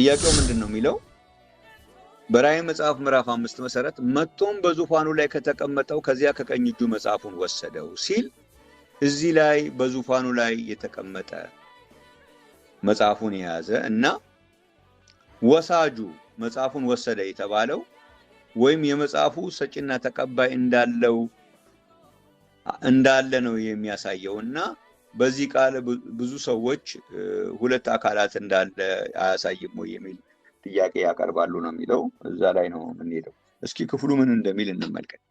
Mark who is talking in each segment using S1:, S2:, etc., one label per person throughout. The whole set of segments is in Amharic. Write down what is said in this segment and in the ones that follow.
S1: ጥያቄው ምንድን ነው የሚለው በራእይ መጽሐፍ ምዕራፍ አምስት መሰረት መጥቶም በዙፋኑ ላይ ከተቀመጠው ከዚያ ከቀኝ እጁ መጽሐፉን ወሰደው ሲል እዚህ ላይ በዙፋኑ ላይ የተቀመጠ መጽሐፉን የያዘ እና ወሳጁ መጽሐፉን ወሰደ የተባለው ወይም የመጽሐፉ ሰጪና ተቀባይ እንዳለው እንዳለ ነው የሚያሳየው እና በዚህ ቃል ብዙ ሰዎች ሁለት አካላት እንዳለ አያሳይም ወይ የሚል ጥያቄ ያቀርባሉ ነው የሚለው። እዛ ላይ ነው የምንሄደው። እስኪ ክፍሉ ምን እንደሚል እንመልከት።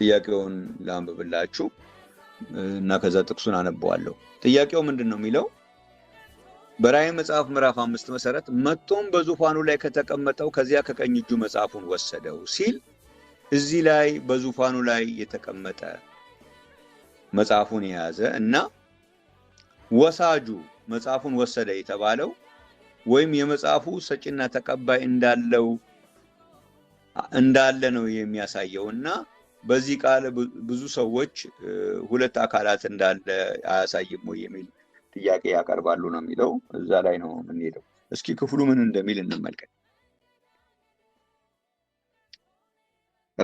S1: ጥያቄውን ላንብብላችሁ። እና ከዛ ጥቅሱን አነበዋለሁ። ጥያቄው ምንድን ነው የሚለው በራእይ መጽሐፍ ምዕራፍ አምስት መሰረት መጥቶም በዙፋኑ ላይ ከተቀመጠው ከዚያ ከቀኝ እጁ መጽሐፉን ወሰደው ሲል እዚህ ላይ በዙፋኑ ላይ የተቀመጠ መጽሐፉን የያዘ እና ወሳጁ መጽሐፉን ወሰደ የተባለው ወይም የመጽሐፉ ሰጪና ተቀባይ እንዳለው እንዳለ ነው የሚያሳየው እና በዚህ ቃል ብዙ ሰዎች ሁለት አካላት እንዳለ አያሳይም ወይ የሚል ጥያቄ ያቀርባሉ ነው የሚለው። እዛ ላይ ነው የምንሄደው። እስኪ ክፍሉ ምን እንደሚል እንመልከት።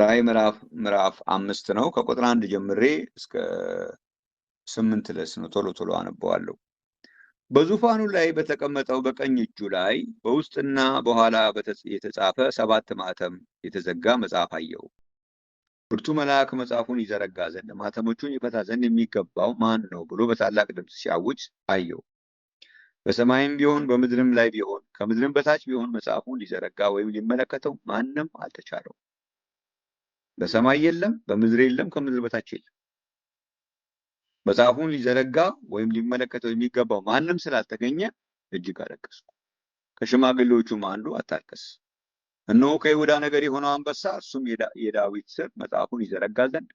S1: ራዕይ ምዕራፍ አምስት ነው ከቁጥር አንድ ጀምሬ እስከ ስምንት ለስ ነው። ቶሎ ቶሎ አነበዋለሁ። በዙፋኑ ላይ በተቀመጠው በቀኝ እጁ ላይ በውስጥና በኋላ የተጻፈ ሰባት ማተም የተዘጋ መጽሐፍ አየው። ብርቱ መልአክ መጽሐፉን ይዘረጋ ዘንድ ማተሞቹን ይፈታ ዘንድ የሚገባው ማን ነው ብሎ በታላቅ ድምፅ ሲያውጅ አየው። በሰማይም ቢሆን በምድርም ላይ ቢሆን ከምድርም በታች ቢሆን መጽሐፉን ሊዘረጋ ወይም ሊመለከተው ማንም አልተቻለው። በሰማይ የለም፣ በምድር የለም፣ ከምድር በታች የለም። መጽሐፉን ሊዘረጋ ወይም ሊመለከተው የሚገባው ማንም ስላልተገኘ እጅግ አለቀስኩ። ከሽማግሌዎቹም አንዱ አታልቀስ እነሆ ከይሁዳ ነገድ የሆነው አንበሳ እሱም የዳዊት ስር መጽሐፉን ይዘረጋ ዘንድ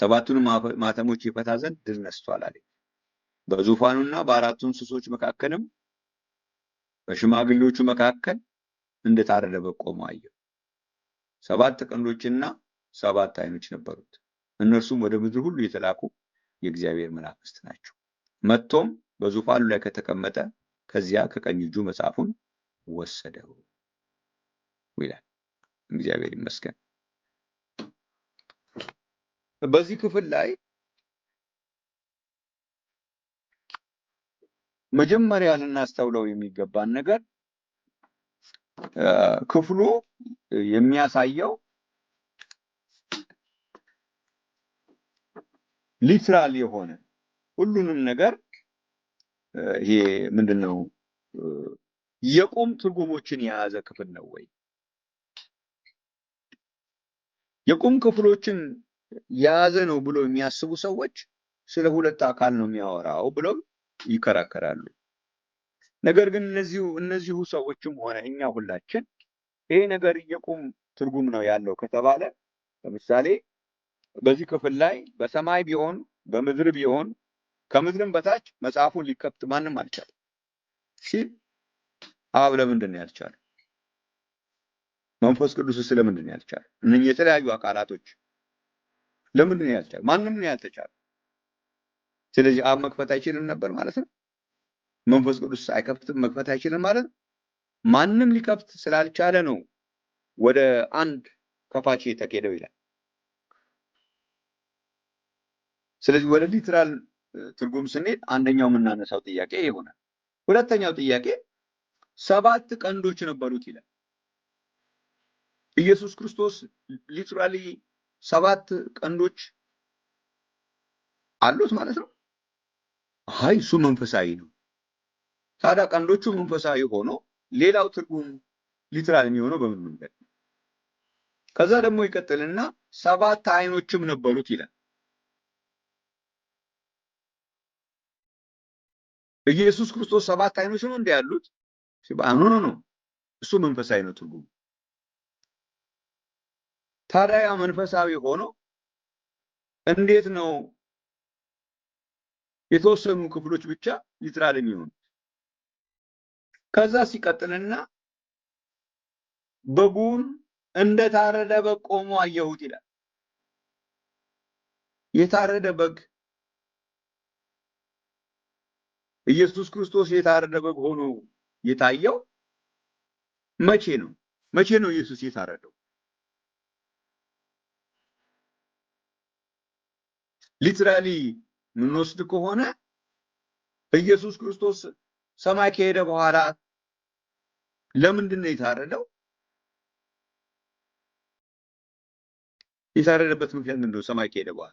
S1: ሰባቱን ማተሞች ይፈታ ዘንድ ድል ነስቷል አለ። በዙፋኑና በአራቱ እንስሶች መካከልም በሽማግሌዎቹ መካከል እንደታረደ በግ ቆሞ አየሁ። ሰባት ቀንዶችና ሰባት ዓይኖች ነበሩት። እነርሱም ወደ ምድር ሁሉ የተላኩ የእግዚአብሔር መናፍስት ናቸው። መጥቶም በዙፋኑ ላይ ከተቀመጠ ከዚያ ከቀኝ እጁ መጽሐፉን ወሰደው። ይላል። እግዚአብሔር ይመስገን። በዚህ ክፍል ላይ መጀመሪያ ልናስተውለው የሚገባን ነገር ክፍሉ የሚያሳየው ሊትራል የሆነ ሁሉንም ነገር ይሄ ምንድን ነው የቁም ትርጉሞችን የያዘ ክፍል ነው ወይ የቁም ክፍሎችን የያዘ ነው ብሎ የሚያስቡ ሰዎች ስለ ሁለት አካል ነው የሚያወራው ብለው ይከራከራሉ። ነገር ግን እነዚሁ እነዚሁ ሰዎችም ሆነ እኛ ሁላችን ይሄ ነገር የቁም ትርጉም ነው ያለው ከተባለ ለምሳሌ በዚህ ክፍል ላይ በሰማይ ቢሆን በምድር ቢሆን ከምድርም በታች መጽሐፉን ሊከፍት ማንም አልቻለ ሲል አብ ለምንድን መንፈስ ቅዱስ ስለምንድን ነው ያልቻለ? እነኚህ የተለያዩ አካላቶች ለምንድን ነው ያልቻለ? ማንም ነው ያልተቻለ። ስለዚህ አብ መክፈት አይችልም ነበር ማለት ነው። መንፈስ ቅዱስ አይከፍትም መክፈት አይችልም ማለት ነው። ማንም ሊከፍት ስላልቻለ ነው ወደ አንድ ከፋቼ ተኬደው ይላል። ስለዚህ ወደ ሊትራል ትርጉም ስንሄድ አንደኛው የምናነሳው ጥያቄ ይሆናል። ሁለተኛው ጥያቄ ሰባት ቀንዶች ነበሩት ይላል። ኢየሱስ ክርስቶስ ሊትራሊ ሰባት ቀንዶች አሉት ማለት ነው። አይ እሱ መንፈሳዊ ነው። ታዲያ ቀንዶቹ መንፈሳዊ ሆኖ ሌላው ትርጉም ሊትራል የሚሆነው በምን መንገድ ከዛ ደግሞ ይቀጥልና ሰባት አይኖችም ነበሩት ይላል። ኢየሱስ ክርስቶስ ሰባት አይኖች ነው እንዲህ ያሉት? ኖ ኖ ኖ፣ እሱ መንፈሳዊ ነው ትርጉሙ ታዲያ ያ መንፈሳዊ ሆኖ እንዴት ነው የተወሰኑ ክፍሎች ብቻ ይዝራል የሚሆኑት? ከዛ ሲቀጥልና በጉን እንደታረደ በግ ቆሞ አየሁት ይላል። የታረደ በግ ኢየሱስ ክርስቶስ የታረደ በግ ሆኖ የታየው መቼ ነው? መቼ ነው ኢየሱስ የታረደው? ሊትራሊ የምንወስድ ከሆነ ኢየሱስ ክርስቶስ ሰማይ ከሄደ በኋላ ለምንድን ነው የታረደው? የታረደበት ምክንያት ምንድን ነው? ሰማይ ከሄደ በኋላ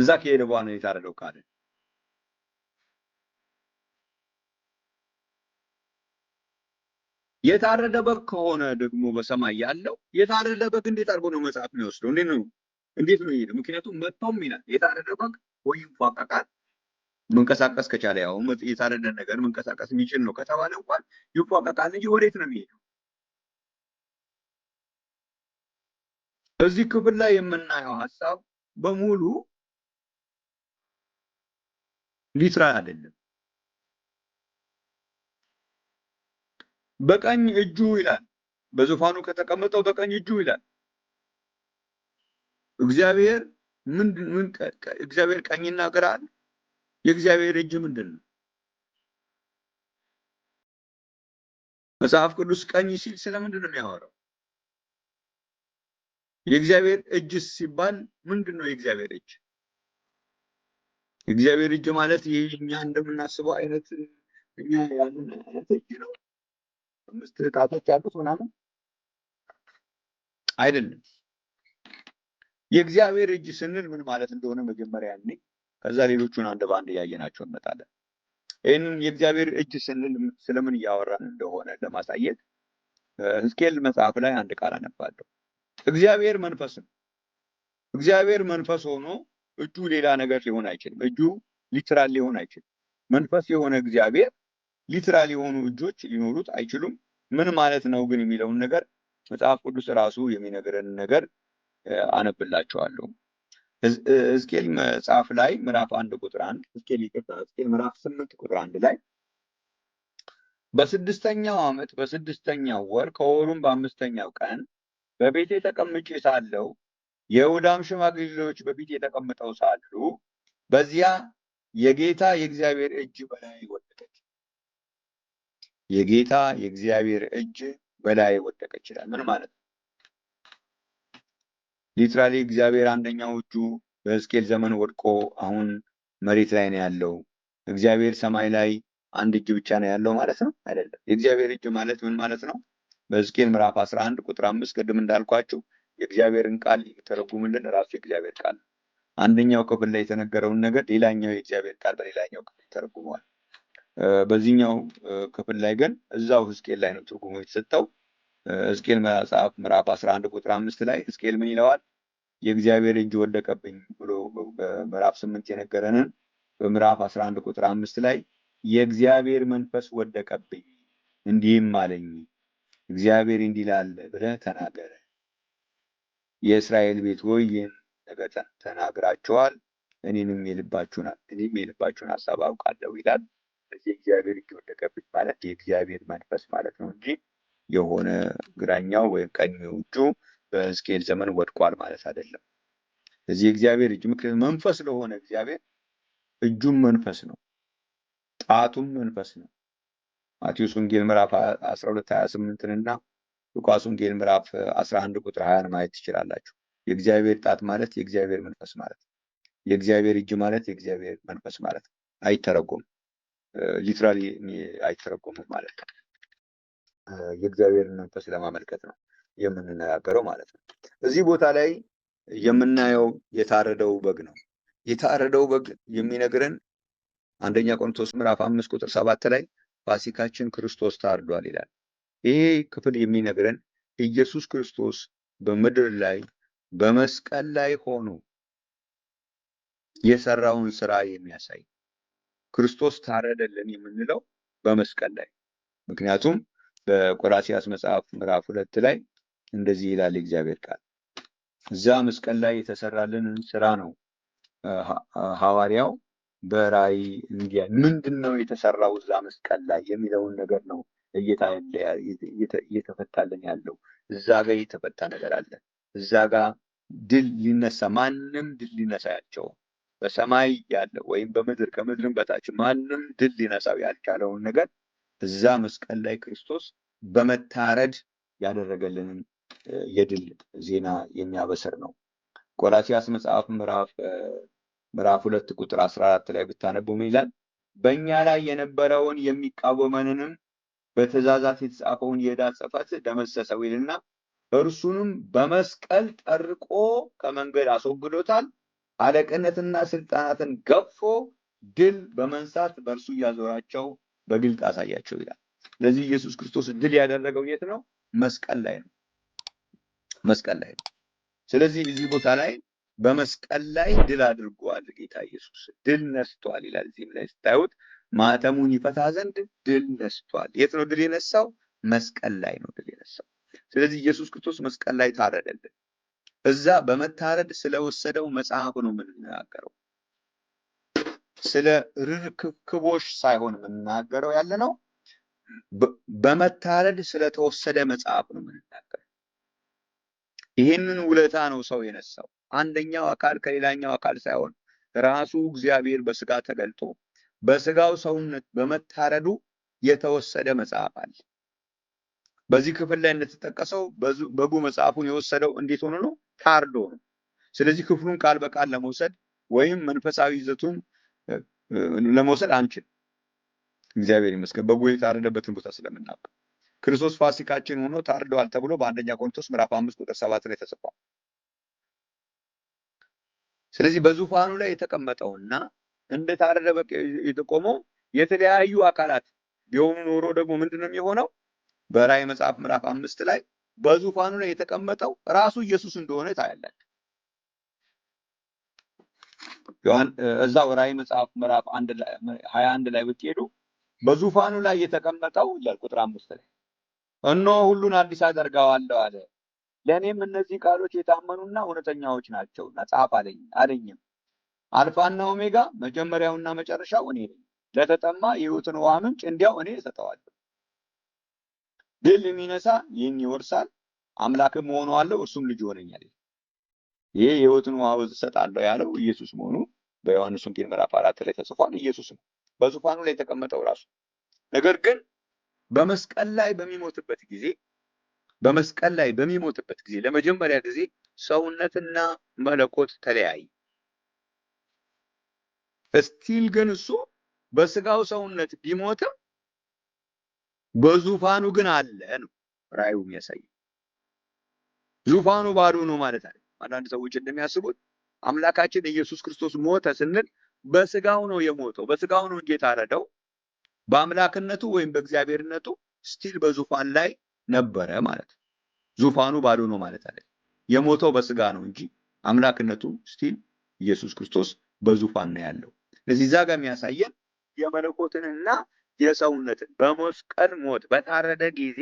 S1: እዛ ከሄደ በኋላ ነው የታረደው ካለ የታረደ በግ ከሆነ ደግሞ በሰማይ ያለው የታረደ በግ እንዴት አድርጎ ነው መጽሐፍ የሚወስደው? እንዴት ነው እንዴት ነው የሄደው? ምክንያቱም መጥቶም ይላል የታረደ በግ ወይ ይፏቀቃል መንቀሳቀስ ከቻለ ያው የታረደ ነገር መንቀሳቀስ የሚችል ነው ከተባለ እንኳን ይፏቀቃል እንጂ ወዴት ነው የሚሄደው? እዚህ ክፍል ላይ የምናየው ሀሳብ በሙሉ ሊትራል አይደለም። በቀኝ እጁ ይላል፣ በዙፋኑ ከተቀመጠው በቀኝ እጁ ይላል። እግዚአብሔር ምን እግዚአብሔር ቀኝና ግራ አለ? የእግዚአብሔር እጅ ምንድን ነው? መጽሐፍ ቅዱስ ቀኝ ሲል ስለምንድን ነው የሚያወራው? የእግዚአብሔር እጅ ሲባል ምንድን ነው የእግዚአብሔር እጅ? የእግዚአብሔር እጅ ማለት ይህ እኛ እንደምናስበው አይነት እኛ ያለን አይነት እጅ ነው፣ አምስት ጣቶች ያሉት ምናምን አይደለም። የእግዚአብሔር እጅ ስንል ምን ማለት እንደሆነ መጀመሪያ ያኔ፣ ከዛ ሌሎቹን አንድ በአንድ እያየናቸው እንመጣለን። ይህንን የእግዚአብሔር እጅ ስንል ስለምን እያወራን እንደሆነ ለማሳየት ሕዝቅኤል መጽሐፍ ላይ አንድ ቃል አነባለሁ። እግዚአብሔር መንፈስ ነው። እግዚአብሔር መንፈስ ሆኖ እጁ ሌላ ነገር ሊሆን አይችልም። እጁ ሊትራል ሊሆን አይችልም። መንፈስ የሆነ እግዚአብሔር ሊትራል የሆኑ እጆች ሊኖሩት አይችሉም። ምን ማለት ነው ግን የሚለውን ነገር መጽሐፍ ቅዱስ ራሱ የሚነግረን ነገር አነብላችኋለሁ። ሕዝቅኤል መጽሐፍ ላይ ምዕራፍ አንድ ቁጥር አንድ ሕዝቅኤል ይቅርታ፣ ሕዝቅኤል ምዕራፍ ስምንት ቁጥር አንድ ላይ በስድስተኛው ዓመት በስድስተኛው ወር ከወሩም በአምስተኛው ቀን በቤቴ ተቀምጬ ሳለው የይሁዳም ሽማግሌዎች በፊቴ ተቀምጠው ሳሉ በዚያ የጌታ የእግዚአብሔር እጅ በላይ ወደቀች። የጌታ የእግዚአብሔር እጅ በላይ ወደቀች ይላል። ምን ማለት ነው? ሊትራሊ እግዚአብሔር አንደኛው እጁ በሕዝቅኤል ዘመን ወድቆ አሁን መሬት ላይ ነው ያለው። እግዚአብሔር ሰማይ ላይ አንድ እጅ ብቻ ነው ያለው ማለት ነው? አይደለም። የእግዚአብሔር እጅ ማለት ምን ማለት ነው? በሕዝቅኤል ምዕራፍ 11 ቁጥር አምስት ቅድም እንዳልኳችሁ የእግዚአብሔርን ቃል የሚተረጉምልን ራሱ የእግዚአብሔር ቃል ነው። አንደኛው ክፍል ላይ የተነገረውን ነገር ሌላኛው የእግዚአብሔር ቃል በሌላኛው ክፍል ተረጉመዋል። በዚህኛው ክፍል ላይ ግን እዛው ሕዝቅኤል ላይ ነው ትርጉሙ የተሰጠው። ሕዝቅኤል መጽሐፍ ምዕራፍ 11 ቁጥር አምስት ላይ ሕዝቅኤል ምን ይለዋል? የእግዚአብሔር እጅ ወደቀብኝ ብሎ በምዕራፍ ስምንት የነገረንን በምዕራፍ 11 ቁጥር አምስት ላይ የእግዚአብሔር መንፈስ ወደቀብኝ እንዲህም አለኝ እግዚአብሔር እንዲህ ይላል ብለህ ተናገረ። የእስራኤል ቤት ሆይ ይህን ነገር ተናግራቸዋል፣ እኔንም እኔም የልባችሁን ሀሳብ አውቃለሁ ይላል። እዚህ እግዚአብሔር እጅ ወደቀብኝ ማለት የእግዚአብሔር መንፈስ ማለት ነው እንጂ የሆነ ግራኛው ወይም ቀኝው እጁ በሕዝቅኤል ዘመን ወድቋል ማለት አይደለም። ስለዚህ እግዚአብሔር እጅ ምክንያት መንፈስ ለሆነ እግዚአብሔር እጁም መንፈስ ነው፣ ጣቱም መንፈስ ነው። ማቴዎስ ወንጌል ምዕራፍ 12 28ንና ሉቃስ ወንጌል ምዕራፍ 11 ቁጥር 20 ማየት ትችላላችሁ። የእግዚአብሔር ጣት ማለት የእግዚአብሔር መንፈስ ማለት ነው። የእግዚአብሔር እጅ ማለት የእግዚአብሔር መንፈስ ማለት ነው። አይተረጎም ሊትራሊ አይተረጎምም ማለት ነው። የእግዚአብሔርን መንፈስ ለማመልከት ነው የምንነጋገረው ማለት ነው። እዚህ ቦታ ላይ የምናየው የታረደው በግ ነው። የታረደው በግ የሚነግረን አንደኛ ቆንቶስ ምዕራፍ አምስት ቁጥር ሰባት ላይ ፋሲካችን ክርስቶስ ታርዷል ይላል። ይሄ ክፍል የሚነግረን ኢየሱስ ክርስቶስ በምድር ላይ በመስቀል ላይ ሆኖ የሰራውን ስራ የሚያሳይ ክርስቶስ ታረደልን የምንለው በመስቀል ላይ ምክንያቱም በቆራሲያስ መጽሐፍ ምዕራፍ ሁለት ላይ እንደዚህ ይላል እግዚአብሔር ቃል። እዛ መስቀል ላይ የተሰራልን ስራ ነው ሐዋርያው በራይ እንዲያ ምንድን ነው የተሰራው እዛ መስቀል ላይ የሚለውን ነገር ነው እየተፈታልን ያለው። እዛ ጋር የተፈታ ነገር አለ። እዛ ጋር ድል ሊነሳ ማንም ድል ሊነሳ ያቸው በሰማይ ያለ ወይም በምድር ከምድርም በታች ማንም ድል ሊነሳው ያልቻለውን ነገር እዛ መስቀል ላይ ክርስቶስ በመታረድ ያደረገልንን የድል ዜና የሚያበስር ነው። ቆላሲያስ መጽሐፍ ምዕራፍ ሁለት ቁጥር አስራ አራት ላይ ብታነቡ ምን ይላል? በእኛ ላይ የነበረውን የሚቃወመንንም በትእዛዛት የተጻፈውን የዕዳ ጽሕፈት ደመሰሰው ይልና እርሱንም በመስቀል ጠርቆ ከመንገድ አስወግዶታል። አለቅነትና ስልጣናትን ገፎ ድል በመንሳት በእርሱ እያዞራቸው በግልጥ አሳያቸው ይላል። ስለዚህ ኢየሱስ ክርስቶስ ድል ያደረገው የት ነው? መስቀል ላይ ነው። መስቀል ላይ ነው። ስለዚህ እዚህ ቦታ ላይ በመስቀል ላይ ድል አድርጓል ጌታ ኢየሱስ ድል ነስቷል ይላል። እዚህም ላይ ስታዩት ማተሙን ይፈታ ዘንድ ድል ነስቷል። የት ነው ድል የነሳው? መስቀል ላይ ነው ድል የነሳው። ስለዚህ ኢየሱስ ክርስቶስ መስቀል ላይ ታረደልን። እዛ በመታረድ ስለወሰደው መጽሐፍ ነው የምንናገረው። ስለ ርክክቦች ሳይሆን የምናገረው ያለ ነው በመታረድ ስለተወሰደ መጽሐፍ ነው የምንናገረው። ይህንን ውለታ ነው ሰው የነሳው። አንደኛው አካል ከሌላኛው አካል ሳይሆን ራሱ እግዚአብሔር በስጋ ተገልጦ በስጋው ሰውነት በመታረዱ የተወሰደ መጽሐፍ አለ። በዚህ ክፍል ላይ እንደተጠቀሰው በጉ መጽሐፉን የወሰደው እንዴት ሆኖ ነው? ታርዶ ነው። ስለዚህ ክፍሉን ቃል በቃል ለመውሰድ ወይም መንፈሳዊ ይዘቱን ለመውሰድ አንችል። እግዚአብሔር ይመስገን በጉ የታረደበትን ቦታ ስለምናውቅ ክርስቶስ ፋሲካችን ሆኖ ታርደዋል ተብሎ በአንደኛ ቆሮንቶስ ምዕራፍ አምስት ቁጥር ሰባት ላይ ተጽፏል። ስለዚህ በዙፋኑ ላይ የተቀመጠውና እንደ ታረደ በግ የተቆመው የተለያዩ አካላት ቢሆኑ ኖሮ ደግሞ ምንድን ነው የሚሆነው? በራእይ መጽሐፍ ምዕራፍ አምስት ላይ በዙፋኑ ላይ የተቀመጠው ራሱ ኢየሱስ እንደሆነ ታያለን። እዛው ራዕይ መጽሐፍ ምዕራፍ ሀያ አንድ ላይ ብትሄዱ በዙፋኑ ላይ የተቀመጠው ይላል ቁጥር አምስት ላይ እነሆ ሁሉን አዲስ አደርገዋለሁ አለ። ለእኔም እነዚህ ቃሎች የታመኑና እውነተኛዎች ናቸው ጻፍ አለኝ አለኝም። አልፋና ኦሜጋ መጀመሪያውና መጨረሻው እኔ ነኝ። ለተጠማ የሕይወትን ውሃ ምንጭ እንዲያው እኔ እሰጠዋለሁ። ድል የሚነሳ ይህን ይወርሳል፣ አምላክም እሆነዋለሁ፣ እርሱም ልጅ ይሆነኛል። ይህ የሕይወትን ውሃ ወንዝ እሰጣለሁ ያለው ኢየሱስ መሆኑ በዮሐንስ ወንጌል ምዕራፍ አራት ላይ ተጽፏል። ኢየሱስ ነው በዙፋኑ ላይ የተቀመጠው ራሱ። ነገር ግን በመስቀል ላይ በሚሞትበት ጊዜ በመስቀል ላይ በሚሞትበት ጊዜ ለመጀመሪያ ጊዜ ሰውነትና መለኮት ተለያየ። እስቲል ግን እሱ በስጋው ሰውነት ቢሞትም በዙፋኑ ግን አለ ነው ራእዩ የሚያሳየው። ዙፋኑ ባዶ ነው ማለት አለ አንዳንድ ሰዎች እንደሚያስቡት አምላካችን ኢየሱስ ክርስቶስ ሞተ ስንል በስጋው ነው የሞተው፣ በስጋው ነው እንጌት የታረደው በአምላክነቱ ወይም በእግዚአብሔርነቱ ስቲል በዙፋን ላይ ነበረ ማለት ነው። ዙፋኑ ባዶ ነው ማለት አለ። የሞተው በስጋ ነው እንጂ አምላክነቱ ስቲል ኢየሱስ ክርስቶስ በዙፋን ነው ያለው። ስለዚህ እዛ ጋር የሚያሳየን የመለኮትንና የሰውነትን በመስቀል ሞት በታረደ ጊዜ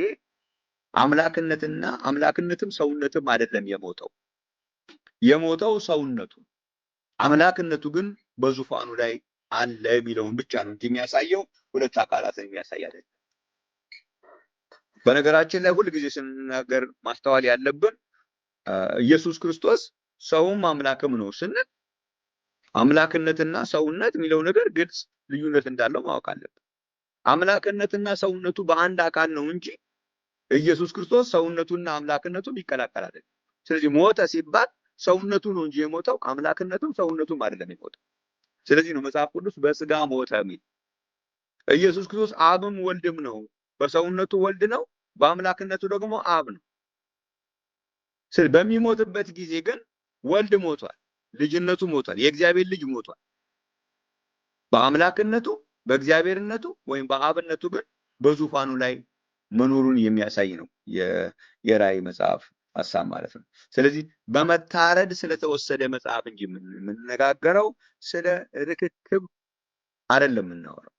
S1: አምላክነትና አምላክነትም ሰውነትም አይደለም የሞተው የሞተው ሰውነቱ አምላክነቱ ግን በዙፋኑ ላይ አለ የሚለውን ብቻ ነው እንጂ የሚያሳየው ሁለት አካላትን የሚያሳይ አይደለም። በነገራችን ላይ ሁልጊዜ ስንናገር ማስተዋል ያለብን ኢየሱስ ክርስቶስ ሰውም አምላክም ነው ስንል አምላክነትና ሰውነት የሚለው ነገር ግልጽ ልዩነት እንዳለው ማወቅ አለብን። አምላክነትና ሰውነቱ በአንድ አካል ነው እንጂ ኢየሱስ ክርስቶስ ሰውነቱና አምላክነቱ ይቀላቀል አይደለም። ስለዚህ ሞተ ሲባል ሰውነቱ ነው እንጂ የሞተው አምላክነቱም ሰውነቱም አይደለም የሞተው። ስለዚህ ነው መጽሐፍ ቅዱስ በስጋ ሞተ የሚል። ኢየሱስ ክርስቶስ አብም ወልድም ነው። በሰውነቱ ወልድ ነው፣ በአምላክነቱ ደግሞ አብ ነው። በሚሞትበት ጊዜ ግን ወልድ ሞቷል፣ ልጅነቱ ሞቷል፣ የእግዚአብሔር ልጅ ሞቷል። በአምላክነቱ በእግዚአብሔርነቱ ወይም በአብነቱ ግን በዙፋኑ ላይ መኖሩን የሚያሳይ ነው የራእይ መጽሐፍ ሀሳብ ማለት ነው። ስለዚህ በመታረድ ስለተወሰደ መጽሐፍ እንጂ የምንነጋገረው ስለ ርክክብ አይደለም የምናወራው።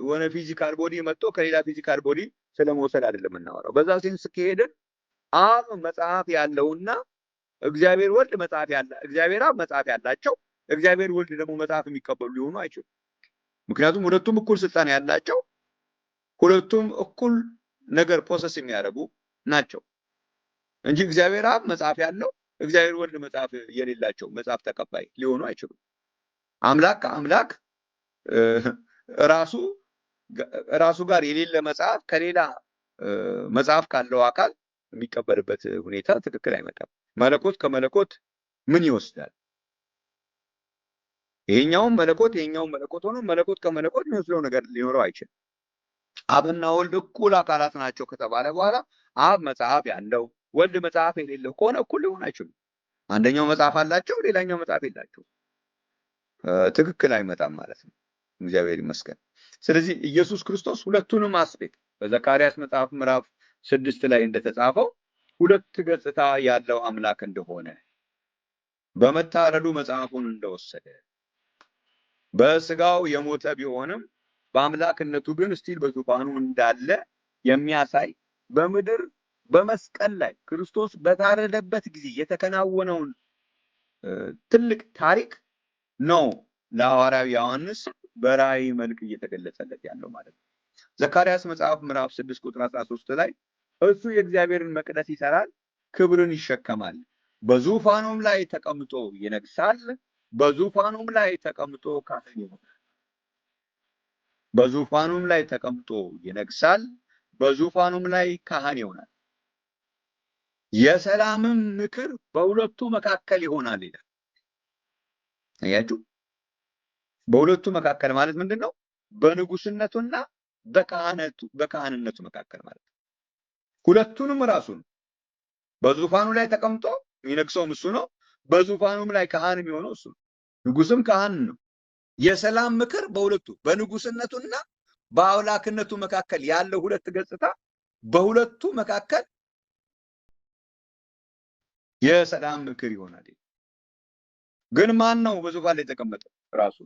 S1: የሆነ ፊዚካል ቦዲ መጥቶ ከሌላ ፊዚካል ቦዲ ስለመውሰድ አይደለም የምናወራው። በዛ ሴንስ ከሄድን አብ መጽሐፍ ያለውና እግዚአብሔር ወልድ መጽሐፍ ያለ እግዚአብሔር አብ መጽሐፍ ያላቸው እግዚአብሔር ወልድ ደግሞ መጽሐፍ የሚቀበሉ ሊሆኑ አይችሉም። ምክንያቱም ሁለቱም እኩል ስልጣን ያላቸው ሁለቱም እኩል ነገር ፕሮሰስ የሚያደርጉ ናቸው። እንጂ እግዚአብሔር አብ መጽሐፍ ያለው እግዚአብሔር ወልድ መጽሐፍ የሌላቸው መጽሐፍ ተቀባይ ሊሆኑ አይችሉም። አምላክ ከአምላክ ራሱ ራሱ ጋር የሌለ መጽሐፍ ከሌላ መጽሐፍ ካለው አካል የሚቀበልበት ሁኔታ ትክክል አይመጣም። መለኮት ከመለኮት ምን ይወስዳል? ይሄኛውም መለኮት ይሄኛውም መለኮት ሆኖ መለኮት ከመለኮት የሚወስደው ነገር ሊኖረው አይችልም። አብና ወልድ እኩል አካላት ናቸው ከተባለ በኋላ አብ መጽሐፍ ያለው ወልድ መጽሐፍ የሌለው ከሆነ እኩል ሊሆን አይችሉም። አንደኛው መጽሐፍ አላቸው፣ ሌላኛው መጽሐፍ የላቸው። ትክክል አይመጣም ማለት ነው። እግዚአብሔር ይመስገን። ስለዚህ ኢየሱስ ክርስቶስ ሁለቱንም አስፔክት በዘካርያስ መጽሐፍ ምዕራፍ ስድስት ላይ እንደተጻፈው ሁለት ገጽታ ያለው አምላክ እንደሆነ በመታረዱ መጽሐፉን እንደወሰደ በስጋው የሞተ ቢሆንም በአምላክነቱ ግን እስቲል በዙፋኑ እንዳለ የሚያሳይ በምድር በመስቀል ላይ ክርስቶስ በታረደበት ጊዜ የተከናወነውን ትልቅ ታሪክ ነው ለሐዋርያው ዮሐንስ በራይ መልክ እየተገለጸለት ያለው ማለት ነው። ዘካርያስ መጽሐፍ ምዕራፍ 6 ቁጥር 13 ላይ እሱ የእግዚአብሔርን መቅደስ ይሰራል፣ ክብርን ይሸከማል፣ በዙፋኑም ላይ ተቀምጦ ይነግሳል፣ በዙፋኑም ላይ ተቀምጦ ካህን ይሆናል። በዙፋኑም ላይ ተቀምጦ ይነግሳል፣ በዙፋኑም ላይ ካህን ይሆናል። የሰላምም ምክር በሁለቱ መካከል ይሆናል ይላል። አያችሁ፣ በሁለቱ መካከል ማለት ምንድን ነው? በንጉስነቱና በካህንነቱ መካከል ማለት ነው። ሁለቱንም ራሱ ነው። በዙፋኑ ላይ ተቀምጦ የሚነግሰውም እሱ ነው። በዙፋኑም ላይ ካህን የሚሆነው እሱ ነው። ንጉስም ካህን ነው። የሰላም ምክር በሁለቱ በንጉስነቱና በአውላክነቱ መካከል ያለው ሁለት ገጽታ በሁለቱ መካከል የሰላም ምክር ይሆናል። ግን ማን ነው በዙፋን ላይ የተቀመጠው? ራሱ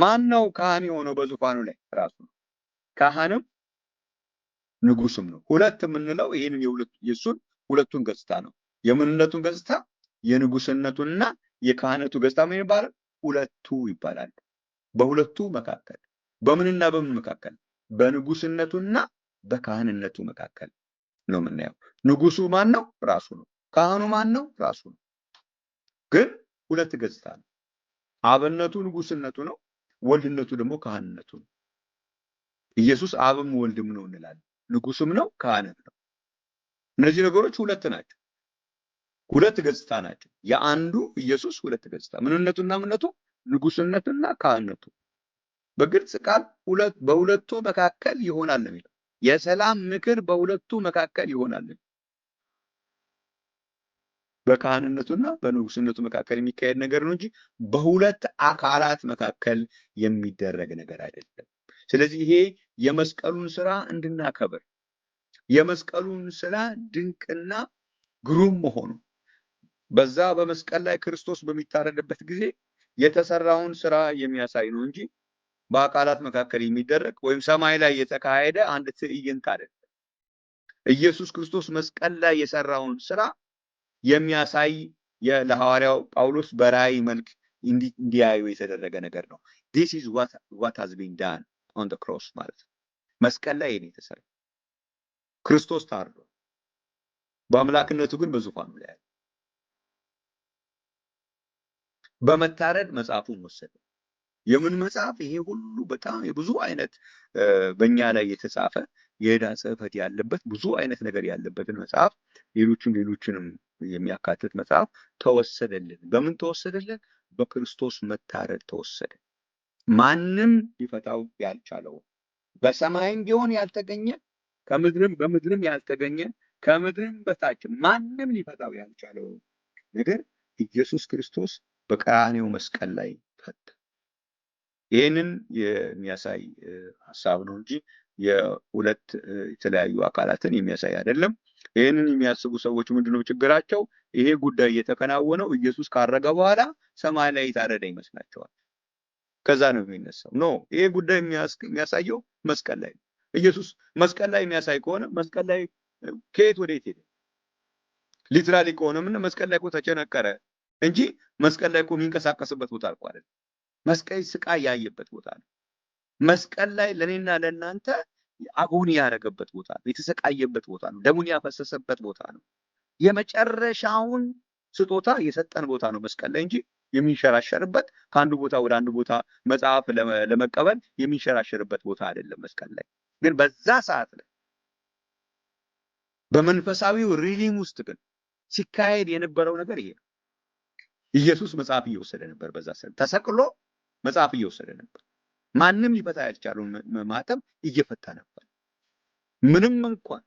S1: ማን ነው ካህን የሆነው በዙፋኑ ላይ? ራሱ ካህንም ንጉስም ነው። ሁለት የምንለው ይህንን የእሱን ሁለቱን ገጽታ ነው። የምንነቱን ገጽታ የንጉስነቱንና የካህነቱ ገጽታ ምን ይባላል? ሁለቱ ይባላል። በሁለቱ መካከል በምንና በምን መካከል? በንጉስነቱና በካህንነቱ መካከል ነው የምናየው። ንጉሱ ማን ነው? ራሱ ነው። ካህኑ ማን ነው? ራሱ ነው። ግን ሁለት ገጽታ ነው። አብነቱ ንጉስነቱ ነው። ወልድነቱ ደግሞ ካህንነቱ ነው። ኢየሱስ አብም ወልድም ነው እንላለን። ንጉስም ነው፣ ካህንም ነው። እነዚህ ነገሮች ሁለት ናቸው። ሁለት ገጽታ ናቸው። የአንዱ ኢየሱስ ሁለት ገጽታ ምንነቱና ምነቱ ንጉስነቱና ካህንነቱ በግልጽ ቃል በሁለቱ መካከል ይሆናል ነው የሚለው። የሰላም ምክር በሁለቱ መካከል ይሆናል። በካህንነቱና በንጉስነቱ መካከል የሚካሄድ ነገር ነው እንጂ በሁለት አካላት መካከል የሚደረግ ነገር አይደለም። ስለዚህ ይሄ የመስቀሉን ስራ እንድናከብር የመስቀሉን ስራ ድንቅና ግሩም መሆኑ በዛ በመስቀል ላይ ክርስቶስ በሚታረድበት ጊዜ የተሰራውን ስራ የሚያሳይ ነው እንጂ በአካላት መካከል የሚደረግ ወይም ሰማይ ላይ የተካሄደ አንድ ትዕይንት አይደለም። ኢየሱስ ክርስቶስ መስቀል ላይ የሰራውን ስራ የሚያሳይ ለሐዋርያው ጳውሎስ በራእይ መልክ እንዲያዩ የተደረገ ነገር ነው። ዲስ ኢዝ ዋት ሃዝ ቢን ዳን ኦን ዘ ክሮስ ማለት ነው። መስቀል ላይ ይሄን የተሰራ ክርስቶስ ታርዶ በአምላክነቱ ግን በዙፋኑ ላይ ያለ በመታረድ መጽሐፉን ወሰደ። የምን መጽሐፍ? ይሄ ሁሉ በጣም የብዙ አይነት በእኛ ላይ የተጻፈ የዕዳ ጽህፈት ያለበት ብዙ አይነት ነገር ያለበትን መጽሐፍ ሌሎችን ሌሎችንም የሚያካትት መጽሐፍ ተወሰደልን። በምን ተወሰደልን? በክርስቶስ መታረድ ተወሰደ። ማንም ሊፈታው ያልቻለው በሰማይም ቢሆን ያልተገኘ ከምድርም በምድርም ያልተገኘ ከምድርም በታች ማንም ሊፈታው ያልቻለው ነገር ኢየሱስ ክርስቶስ በቀራኔው መስቀል ላይ ፈታ። ይህንን የሚያሳይ ሀሳብ ነው እንጂ የሁለት የተለያዩ አካላትን የሚያሳይ አይደለም። ይህንን የሚያስቡ ሰዎች ምንድነው ችግራቸው? ይሄ ጉዳይ የተከናወነው ኢየሱስ ካረገ በኋላ ሰማይ ላይ የታረደ ይመስላቸዋል። ከዛ ነው የሚነሳው። ኖ ይሄ ጉዳይ የሚያሳየው መስቀል ላይ ነው። ኢየሱስ መስቀል ላይ የሚያሳይ ከሆነ መስቀል ላይ ከየት የት ሄደ? ሊትራሊ ከሆነ ምን መስቀል ላይ እኮ ተጨነቀረ እንጂ መስቀል ላይ የሚንቀሳቀስበት ቦታ አልቋል። መስቀል ስቃይ ያየበት ቦታ ነው። መስቀል ላይ ለእኔና ለእናንተ አጎኒ ያደረገበት ቦታ ነው። የተሰቃየበት ቦታ ነው። ደሙን ያፈሰሰበት ቦታ ነው። የመጨረሻውን ስጦታ የሰጠን ቦታ ነው መስቀል ላይ እንጂ የሚንሸራሸርበት ከአንዱ ቦታ ወደ አንዱ ቦታ መጽሐፍ ለመቀበል የሚንሸራሸርበት ቦታ አይደለም። መስቀል ላይ ግን በዛ ሰዓት ላይ በመንፈሳዊው ሪሊም ውስጥ ግን ሲካሄድ የነበረው ነገር ይሄ ነው። ኢየሱስ መጽሐፍ እየወሰደ ነበር። በዛ ሰ ተሰቅሎ መጽሐፍ እየወሰደ ነበር። ማንም ሊፈታ ያልቻለውን ማህተም እየፈታ ነበር። ምንም እንኳን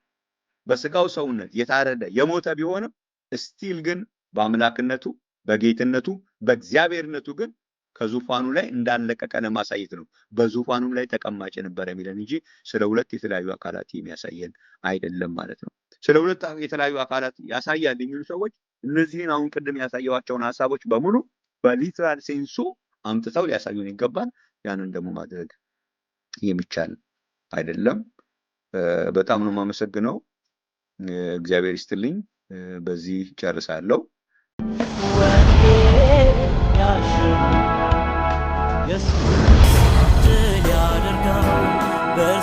S1: በስጋው ሰውነት የታረደ የሞተ ቢሆንም እስቲል ግን በአምላክነቱ በጌትነቱ በእግዚአብሔርነቱ ግን ከዙፋኑ ላይ እንዳለቀቀ ለማሳየት ነው። በዙፋኑም ላይ ተቀማጭ ነበር የሚለን እንጂ ስለ ሁለት የተለያዩ አካላት የሚያሳየን አይደለም ማለት ነው። ስለ ሁለት የተለያዩ አካላት ያሳያል የሚሉ ሰዎች እነዚህን አሁን ቅድም ያሳየዋቸውን ሀሳቦች በሙሉ በሊትራል ሴንሱ አምጥተው ሊያሳዩን ይገባል። ያንን ደግሞ ማድረግ የሚቻል አይደለም። በጣም ነው የማመሰግነው። እግዚአብሔር ይስጥልኝ። በዚህ ጨርሳለሁ። የሱ ያደርጋል